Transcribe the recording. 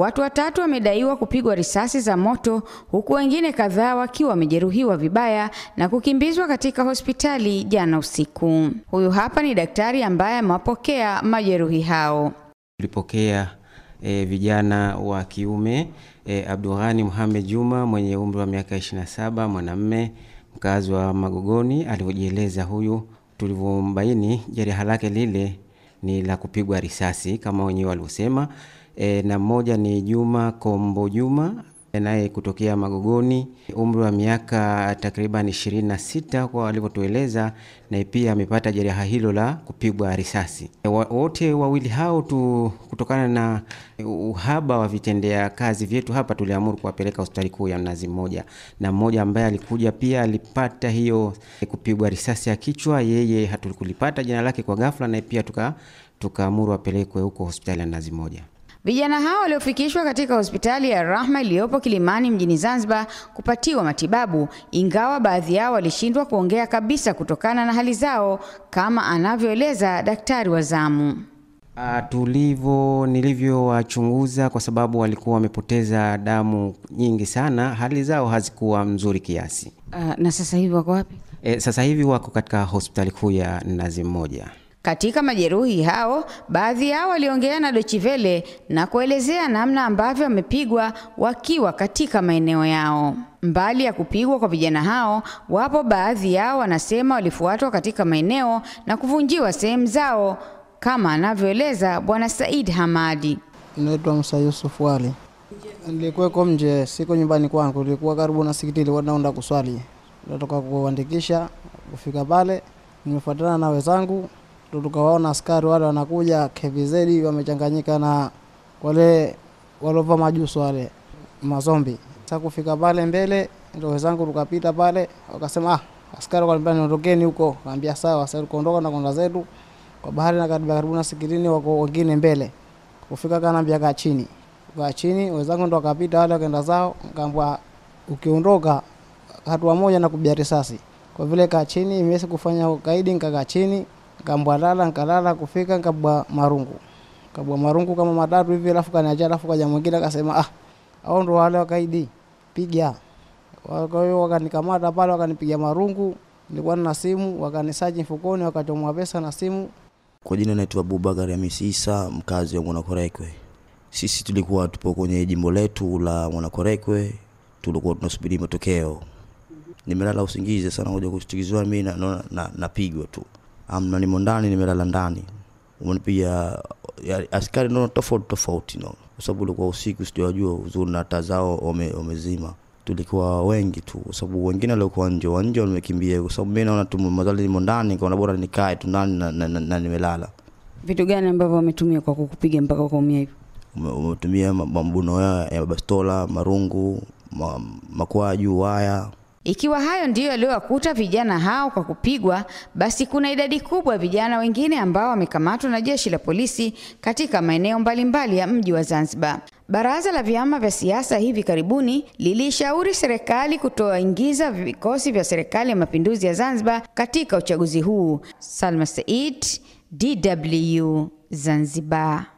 Watu watatu wamedaiwa kupigwa risasi za moto huku wengine kadhaa wakiwa wamejeruhiwa vibaya na kukimbizwa katika hospitali jana usiku. Huyu hapa ni daktari ambaye amewapokea majeruhi hao. Tulipokea e, vijana wa kiume e, eh, Abdurani Muhamed Juma mwenye umri wa miaka 27, mwanamme mkazi wa Magogoni, alivyojieleza huyu tulivyombaini jeraha lake lile ni la kupigwa risasi kama wenyewe walivyosema e, na mmoja ni Juma Kombo Juma naye kutokea Magogoni, umri wa miaka takriban 26 kwa walivyotueleza, na pia amepata jeraha hilo la kupigwa risasi. E, wote wawili hao tu, kutokana na uhaba wa vitendea kazi vyetu hapa, tuliamuru kuwapeleka hospitali kuu ya Mnazi Mmoja, na mmoja ambaye alikuja pia alipata hiyo kupigwa risasi ya kichwa, yeye hatukulipata jina lake kwa ghafla, na pia tukaamuru tuka apelekwe huko hospitali ya Mnazi Mmoja. Vijana hao waliofikishwa katika hospitali ya Rahma iliyopo Kilimani mjini Zanzibar kupatiwa matibabu, ingawa baadhi yao walishindwa kuongea kabisa kutokana na hali zao, kama anavyoeleza daktari wa zamu. Uh, tulivyo nilivyowachunguza, kwa sababu walikuwa wamepoteza damu nyingi sana, hali zao hazikuwa mzuri kiasi. Uh, na sasa hivi wako wapi? Eh, sasa hivi wako katika hospitali kuu ya Mnazi Mmoja. Katika majeruhi hao, baadhi yao waliongea na Dochivele na kuelezea namna ambavyo wamepigwa wakiwa katika maeneo yao. Mbali ya kupigwa kwa vijana hao, wapo baadhi yao wanasema walifuatwa katika maeneo na kuvunjiwa sehemu zao, kama anavyoeleza Bwana Said Hamadi. Naitwa Musa Yusuf Wali, kwa mje, siko nyumbani kwangu, nilikuwa karibu na sikiti, nilikuwa naenda kuswali, natoka kuandikisha, kufika pale nimefuatana na wenzangu ndo tukawaona askari wale wanakuja KVZ wamechanganyika na wale walova majusu wale mazombi. Sasa kufika pale mbele, ndo wenzangu tukapita pale, wakasema ah, askari wakaniambia niondokeni huko, kaambia sawa. Sasa tukaondoka na kwenda zetu kwa bahari, na karibu karibu na sikilini wako wengine mbele. Kufika kanaambia kaa chini, kaa chini. Wenzangu ndo wakapita wale wakaenda zao, kaambwa ukiondoka hatua moja na kubia risasi. Kwa vile kaa chini, imeweza kufanya ukaidi, nikakaa chini. Nkambwalala nkalala kufika nkabwa marungu kabwa marungu kama matatu hivi, alafu kaniacha, alafu kaja mwingine akasema, ah, au ndo wale wakaidi piga. Kwa hiyo wakanikamata pale, wakanipiga marungu. Nilikuwa na simu, wakanisaji mfukoni, wakachomwa pesa na simu. Kwa jina naitwa Abubakar Hamisi Isa, mkazi wa Mwanakorekwe. Sisi tulikuwa tupo kwenye jimbo letu la Mwanakorekwe, tulikuwa tunasubiri matokeo. Nimelala usingizi sana, kuja kushtukizwa mimi napigwa na, na tu um, nimo ndani nimelala ndani umeona pia askari naona tofauti tofauti no kwa sababu ulikuwa usiku sijajua uzuri na taa zao wamezima ome, tulikuwa wengi tu kwa sababu wengine waliokuwa nje wanje wamekimbia kwa sababu mi naona tu mazali nimo ndani kaona bora nikae tu ndani na, na, na, na nimelala vitu gani ambavyo wametumia kwa kukupiga mpaka ukaumia hivyo wametumia mabuno ya, ya bastola marungu ma, makwaju waya ikiwa hayo ndiyo yaliyowakuta vijana hao kwa kupigwa, basi kuna idadi kubwa ya vijana wengine ambao wamekamatwa na jeshi la polisi katika maeneo mbalimbali ya mji wa Zanzibar. Baraza la vyama vya siasa hivi karibuni lilishauri serikali kutoingiza vikosi vya serikali ya mapinduzi ya Zanzibar katika uchaguzi huu. Salma Said, DW, Zanzibar.